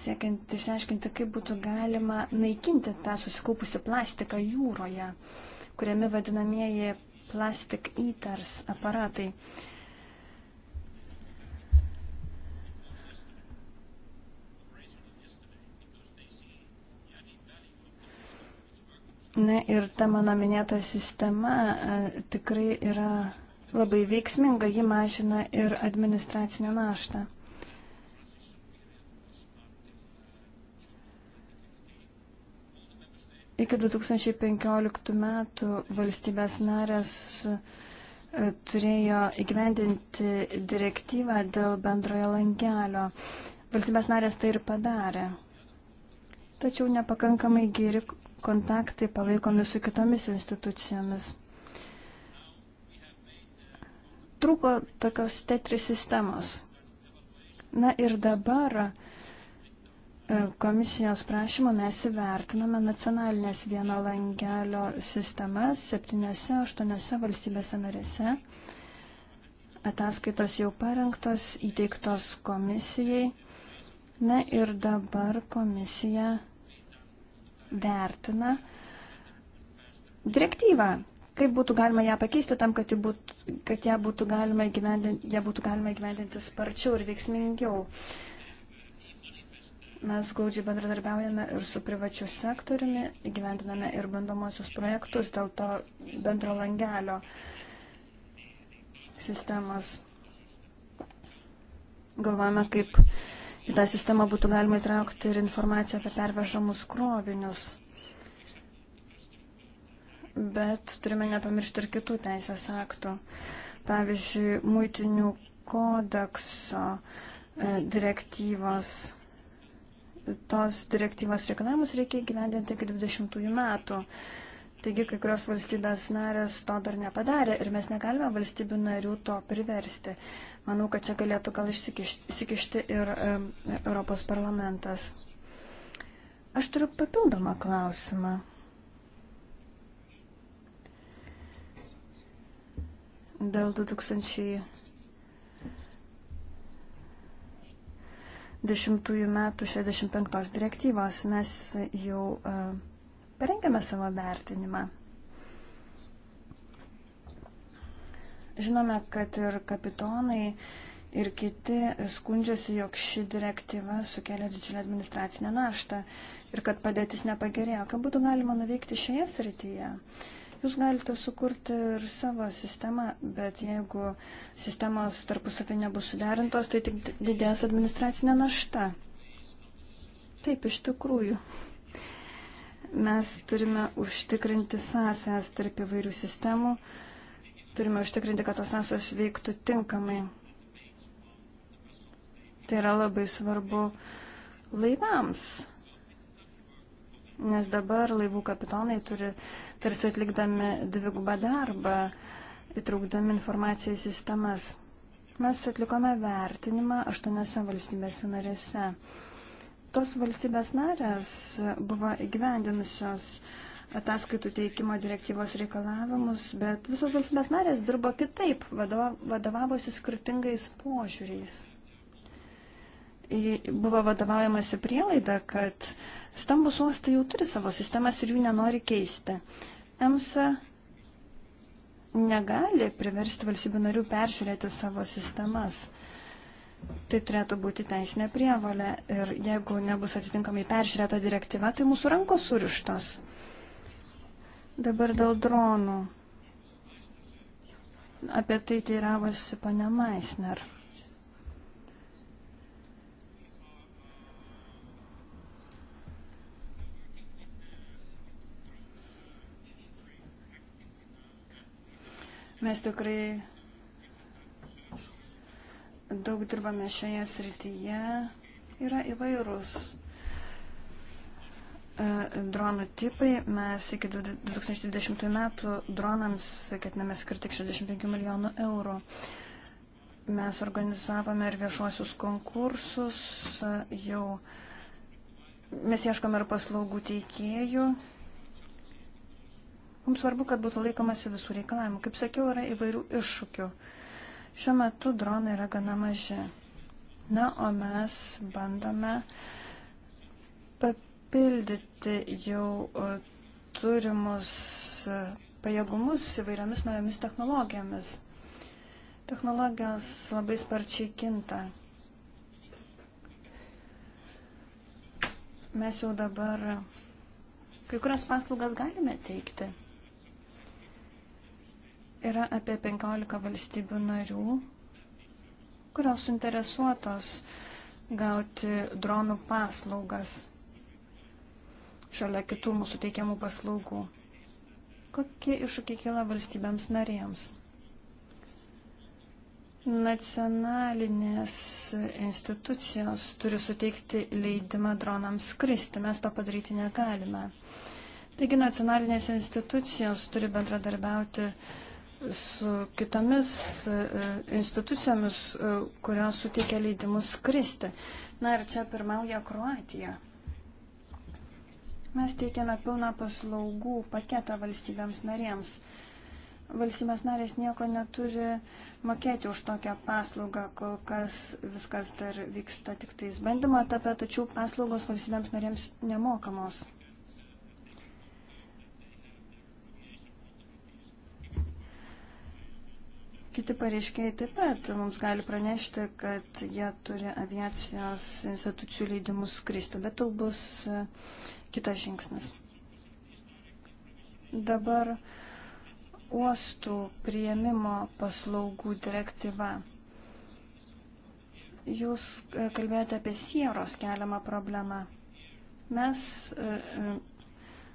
siekiant išsiaiškinti, kaip būtų galima naikinti tą susikaupusią plastiką jūroje, kuriami vadinamieji plastik įtars aparatai. Uh, Na ir ta mano minėta sistema e, tikrai yra labai veiksminga, ji mažina ir administracinę naštą. Iki 2015 metų valstybės narės e, turėjo įgyvendinti direktyvą dėl bendrojo langelio. Valstybės narės tai ir padarė. Tačiau nepakankamai geri kontaktai palaikomi su kitomis institucijomis. Trūko tokios tetris sistemos. Na ir dabar e, komisijos prašymo mes įvertinome nacionalinės vieno langelio sistemas septyniose, aštuoniose valstybėse narėse. Ataskaitos jau parengtos, įteiktos komisijai. Na ir dabar komisija vertina direktyvą, kaip būtų galima ją pakeisti tam, kad, būtų, kad ją, būtų galima ją būtų galima įgyvendinti sparčiau ir veiksmingiau. Mes glaudžiai bendradarbiaujame ir su privačiu sektoriumi, įgyvendiname ir bandomosius projektus dėl to bendro langelio sistemos. Galvojame, kaip uh, į tą sistemą būtų galima įtraukti ir informaciją apie pervežamus krovinius. Bet turime nepamiršti ir kitų teisės aktų. Pavyzdžiui, muitinių kodekso e, direktyvos. Tos direktyvos reikalavimus reikia įgyvendinti iki 20 metų. Taigi kai kurios valstybės narės to dar nepadarė ir mes negalime valstybių narių to priversti. Manau, kad čia galėtų gal įsikišti ir um, Europos parlamentas. Aš turiu papildomą klausimą. Dėl 2010 metų 65 direktyvos mes jau uh, parengėme savo vertinimą. Žinome, kad ir kapitonai, ir kiti skundžiasi, jog ši direktyva sukelia didžiulę administracinę naštą ir kad padėtis nepagerėjo. Ką būtų galima nuveikti šioje srityje? Jūs galite sukurti ir savo sistemą, bet jeigu sistemos tarpusavį nebus suderintos, tai tik didės administracinė našta. Taip, iš tikrųjų. Mes turime užtikrinti sąsąs tarp įvairių sistemų, turime užtikrinti, kad tos sąsos veiktų tinkamai. Tai yra labai svarbu laivams, nes dabar laivų kapitonai turi tarsi atlikdami dvigubą darbą, įtraukdami informaciją į sistemas. Mes atlikome vertinimą aštuoniose valstybėse narėse. Tos valstybės narės buvo įgyvendinusios ataskaitų teikimo direktyvos reikalavimus, bet visos valstybės narės dirbo kitaip, vadovavosi skirtingais požiūriais. Buvo vadovaujamasi prielaida, kad stambus uostai jau turi savo sistemas ir jų nenori keisti. EMSA negali priversti valstybių narių peržiūrėti savo sistemas. Tai turėtų būti teisinė prievalė ir jeigu nebus atitinkamai peržiūrėta direktyva, tai mūsų rankos surištos. Dabar dėl dronų. Apie tai teiravosi pane Maisner. Mes tikrai daug dirbame šioje srityje, yra įvairūs e, dronų tipai. Mes iki 2020 metų dronams ketiname skirti 65 milijonų eurų. Mes organizavome ir viešuosius konkursus, e, jau mes ieškome ir paslaugų teikėjų. Mums svarbu, kad būtų laikomasi visų reikalavimų. Kaip sakiau, yra įvairių iššūkių. Uh, Šiuo metu dronai yra gana maži. Na, o mes bandome papildyti jau e, turimus e, pajėgumus įvairiomis naujomis technologijomis. Technologijos labai sparčiai kinta. Mes jau dabar kai kurias paslaugas galime teikti yra apie 15 valstybių narių, kurios suinteresuotos gauti dronų paslaugas šalia kitų mūsų teikiamų paslaugų. Kokie iššūkiai kyla valstybėms narėms? Nacionalinės institucijos turi suteikti leidimą dronams skristi, mes to padaryti negalime. Taigi nacionalinės institucijos turi bendradarbiauti uh, su kitomis e, e, institucijomis, e, kurios suteikia leidimus skristi. Na ir čia pirmauja Kroatija. Mes teikiame pilną paslaugų paketą valstybėms narėms. Valstybės narės nieko neturi mokėti už tokią paslaugą, kol kas viskas dar vyksta tik tais bandymo etape, tačiau paslaugos valstybėms narėms nemokamos. Kiti pareiškėjai taip pat mums gali pranešti, kad jie turi aviacijos institucijų leidimus skristi, bet tai bus e, kitas žingsnis. Dabar uostų prieimimo paslaugų direktyva. Jūs e, kalbėjote apie sieros keliamą problemą. Mes e,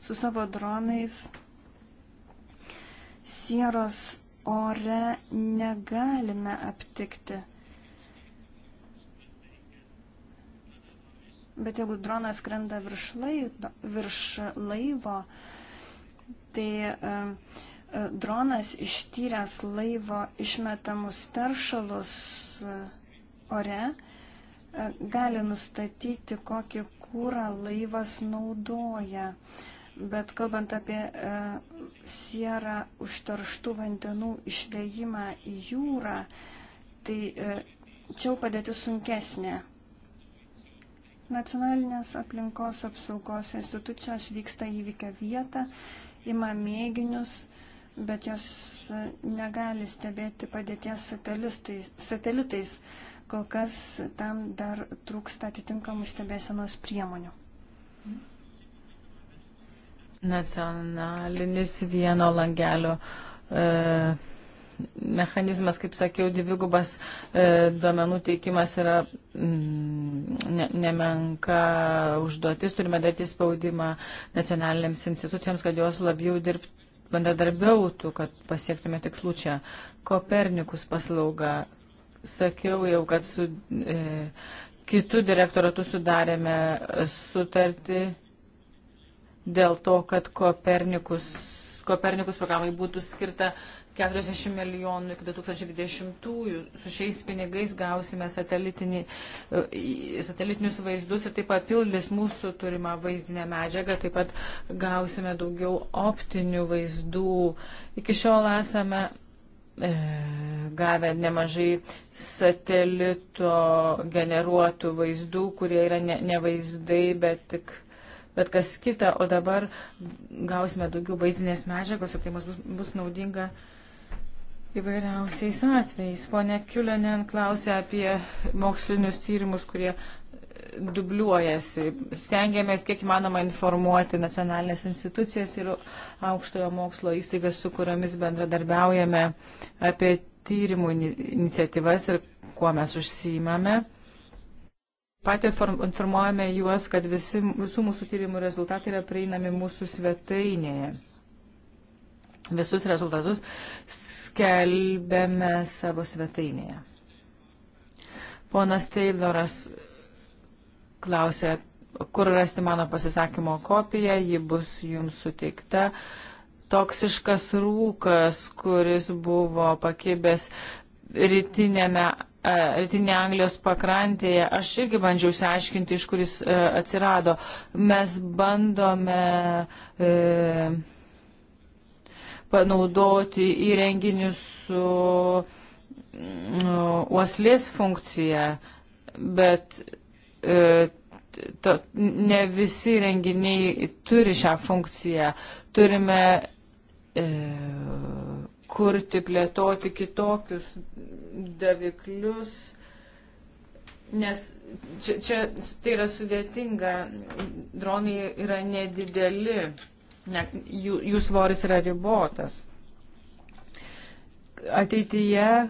su savo dronais sieros ore negalime aptikti. Bet jeigu dronas skrenda virš, laido, virš laivo, tai uh, dronas ištyręs laivo išmetamus taršalus e, ore gali nustatyti, kokį kūrą laivas naudoja. Uh, Bet kalbant apie e, sierą užterštų vandenų išleimą į jūrą, tai e, čia jau padėtis sunkesnė. Nacionalinės aplinkos apsaugos institucijos vyksta įvykę vietą, ima mėginius, bet jos e, negali stebėti padėties satelitais. Kol kas tam dar trūksta atitinkamų stebėsenos priemonių. Mm. Nacionalinis vieno langelio e, mechanizmas, kaip sakiau, dvigubas e, duomenų teikimas yra m, mm, ne, nemenka užduotis. Turime daryti spaudimą nacionalinėms institucijoms, kad jos labiau dirbtų bendradarbiautų, kad pasiektume tikslų čia. Kopernikus paslauga. Sakiau jau, kad su e, kitu direktoratu sudarėme sutartį dėl to, kad Kopernikus, Kopernikus programai būtų skirta 40 milijonų iki 2020-ųjų. Su šiais pinigais gausime e, satelitinius vaizdus ir tai papildys mūsų turimą vaizdinę medžiagą, taip pat gausime daugiau optinių vaizdų. Iki šiol esame e, gavę nemažai satelito generuotų vaizdų, kurie yra ne, ne vaizdai, bet tik bet kas kita, o dabar gausime daugiau vaizdinės medžiagos ir tai mums bus, bus naudinga įvairiausiais atvejais. Pone Kiulenen klausė apie mokslinius tyrimus, kurie dubliuojasi. Stengiamės kiek įmanoma informuoti nacionalinės institucijas ir aukštojo mokslo įstaigas, su kuriomis bendradarbiaujame apie tyrimų iniciatyvas ir kuo mes užsiimame. Patį informuojame juos, kad visi, visų mūsų tyrimų rezultatai yra prieinami mūsų svetainėje. Visus rezultatus skelbėme savo svetainėje. Ponas Tayloras klausė, kur rasti mano pasisakymo kopiją, ji bus jums suteikta. Toksiškas rūkas, kuris buvo pakibęs rytinėme E, rytinė Anglijos pakrantėje, aš irgi bandžiau išsiaiškinti, iš kuris e, atsirado. Mes bandome e, panaudoti įrenginius su mm, uoslės funkcija, bet e, to, ne visi renginiai turi šią funkciją. Turime e, kurti, plėtoti kitokius daviklius, nes čia, čia tai yra sudėtinga, dronai yra nedideli, ne, jų, jų svoris yra ribotas. Ateityje, e,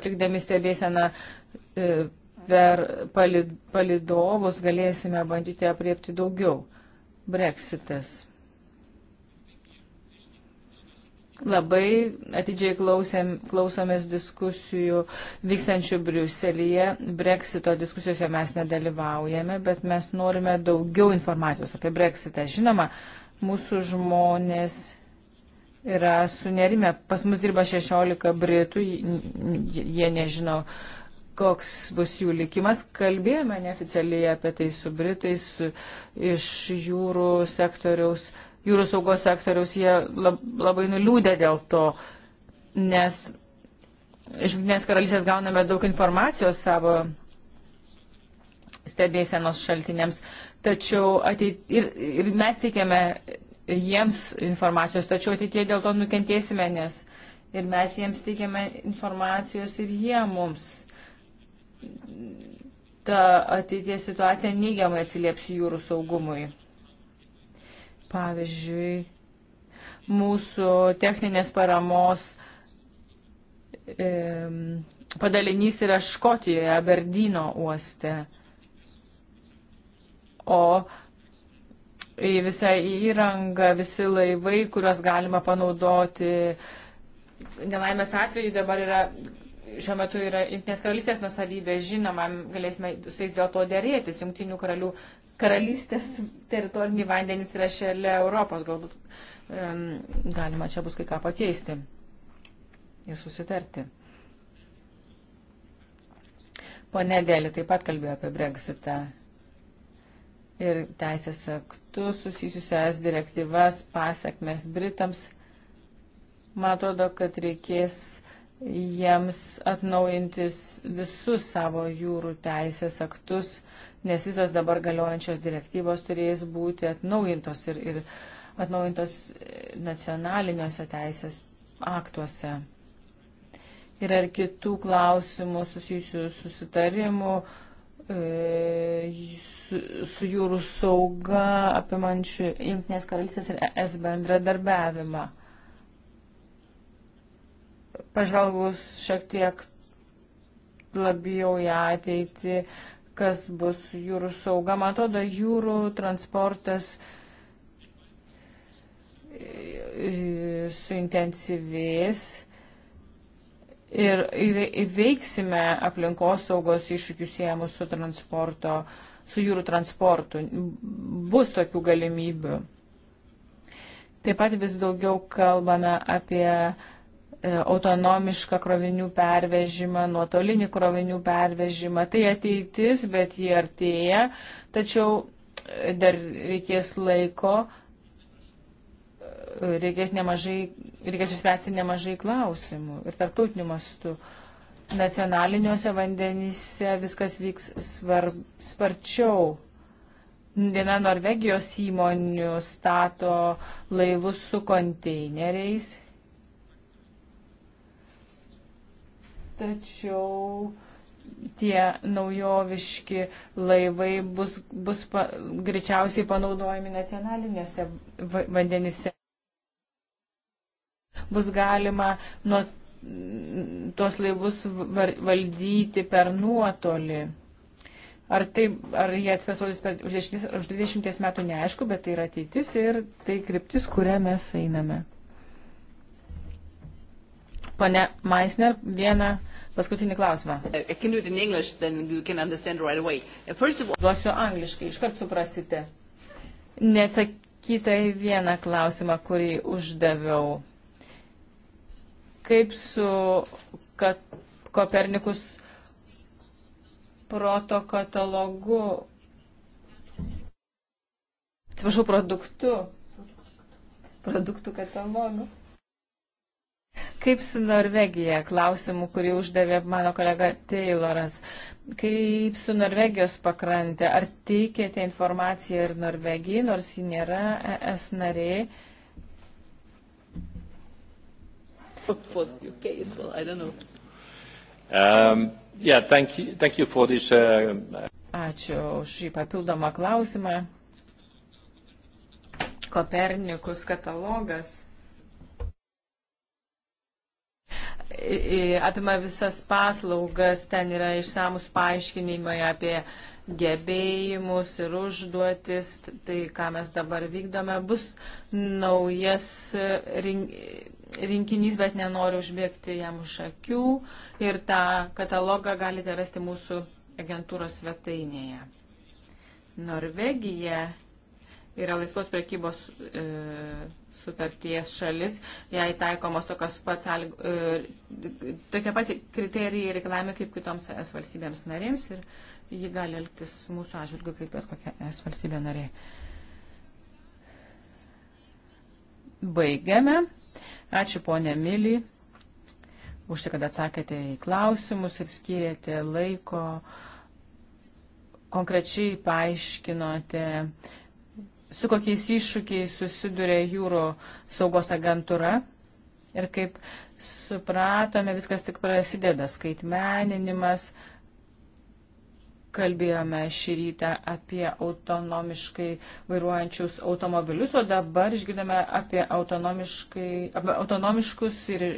atlikdami stebėseną e, per palidovus, galėsime bandyti apriepti daugiau. Brexitas. Labai atidžiai klausėm, klausomės diskusijų vykstančių Briuselyje. Brexito diskusijose mes nedalyvaujame, bet mes norime daugiau informacijos apie Brexitą. Žinoma, mūsų žmonės yra sunerime. Pas mus dirba 16 Britų, jie nežino, koks bus jų likimas. Kalbėjome neoficialiai apie tai su Britais, su, iš jūrų sektoriaus jūrų saugos sektoriaus, jie labai nuliūdė dėl to, nes iš Junktinės karalystės gauname daug informacijos savo stebėsenos šaltiniams, tačiau ateit, ir, ir mes teikiame jiems informacijos, tačiau ateitie dėl to nukentėsime, nes ir mes jiems teikiame informacijos ir jie mums. Ta ateities situacija neigiamai atsilieps jūrų saugumui. Pavyzdžiui, mūsų techninės paramos e, padalinys yra Škotijoje, Berdyno uoste. O į visą įrangą, visi laivai, kuriuos galima panaudoti nelaimės atveju dabar yra, šiuo metu yra Junktinės karalystės nusavybė, žinoma, galėsime su jais dėl to dėrėtis. Junktinių karalių karalystės teritoriniai vandenys yra šalia Europos, galbūt um, galima čia bus kai ką pakeisti ir susitarti. Pone Dėlį taip pat kalbėjo apie Brexitą ir teisės aktus susijusius es direktyvas, pasiekmes Britams. Man atrodo, kad reikės jiems atnaujintis visus savo jūrų teisės aktus nes visos dabar galiojančios direktyvos turės būti atnaujintos ir, ir atnaujintos nacionaliniuose teisės aktuose. Yra ir kitų klausimų susijusių susitarimų e, su, su jūrų sauga apimančių Junktinės karalystės ir ES bendradarbiavimą. Pažvelgus šiek tiek labiau į ateitį, kas bus jūrų sauga. Man atrodo, jūrų transportas suintensyvės ir įveiksime aplinkos saugos iššūkius siejamus su transporto, su jūrų transportu. Bus tokių galimybių. Taip pat vis daugiau kalbame apie E, autonomišką krovinių pervežimą, nuotolinį krovinių pervežimą. Tai ateitis, bet jie artėja, tačiau e, dar reikės laiko, e, reikės, nemažai, reikės išspręsti nemažai klausimų ir tarptautinių mastų. Nacionaliniuose vandenyse viskas vyks svar, sparčiau. Viena Norvegijos įmonių stato laivus su konteineriais tačiau tie naujoviški laivai bus, bus pa, greičiausiai panaudojami nacionalinėse vandenise. Bus galima nuo tuos laivus valdyti per nuotolį. Ar, tai, ar jie atsvesodys per už 20, už 20 metų neaišku, bet tai yra ateitis ir tai kryptis, kurią mes einame. Pane Maisner, vieną Paskutinį klausimą. English, right all... Duosiu angliškai, iškart suprasite. Neatsakyta į vieną klausimą, kurį uždaviau. Kaip su kad Kopernikus proto katalogu, atsiprašau, produktu, produktų katalogu. Kaip su Norvegija? Klausimų, kurį uždavė mano kolega Tayloras. Kaip su Norvegijos pakrantė? Ar teikėte informaciją ir Norvegijai, nors ji nėra ES narė? Um, yeah, thank you, thank you for this, uh... Ačiū už šį papildomą klausimą. Kopernikus katalogas apima visas paslaugas, ten yra išsamus paaiškinimai apie gebėjimus ir užduotis, tai ką mes dabar vykdome, bus naujas rinkinys, bet nenoriu užbėgti jam už akių ir tą katalogą galite rasti mūsų agentūros svetainėje. Norvegija yra laisvos prekybos. E, sutarties šalis, jei taikomos tokios pats, e, tokie pat kriterijai reikalavimai kaip kitoms es valstybėms narėms ir ji gali elgtis mūsų atžvilgiu kaip bet kokia es valstybė narė. Baigiame. Ačiū ponė Mili už tai, kad atsakėte į klausimus ir skirėte laiko konkrečiai paaiškinote su kokiais iššūkiais susiduria jūro saugos agentūra ir kaip supratome, viskas tik prasideda skaitmeninimas. Kalbėjome šį rytą apie autonomiškai vairuojančius automobilius, o dabar išgirdome apie, apie autonomiškus ir e,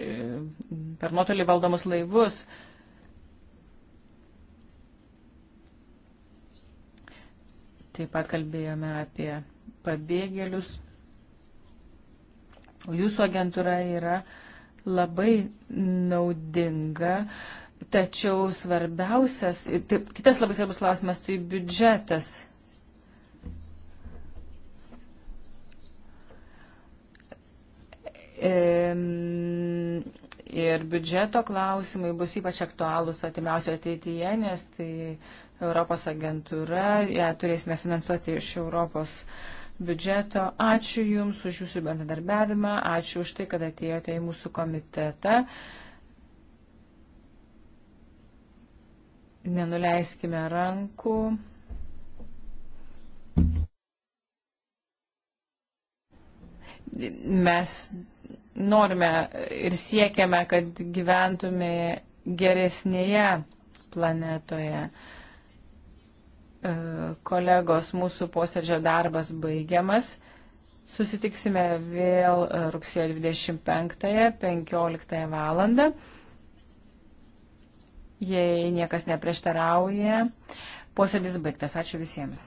per nuotolį valdomus laivus. Taip pat kalbėjome apie pabėgėlius. Jūsų agentūra yra labai naudinga, tačiau svarbiausias, taip, kitas labai svarbus klausimas, tai biudžetas. Ir biudžeto klausimai bus ypač aktualūs atimiausio ateityje, nes tai Europos agentūra, ją turėsime finansuoti iš Europos uh, biudžeto. Ačiū Jums už Jūsų bendradarbiavimą, ačiū už tai, kad atėjote į mūsų komitetą. Nenuleiskime rankų. Mes norime ir siekiame, kad gyventume geresnėje planetoje. E, kolegos, mūsų posėdžio darbas baigiamas. Susitiksime vėl e, rugsėjo 25-15 valandą. Jei niekas neprieštarauja, posėdis baigtas. Ačiū visiems.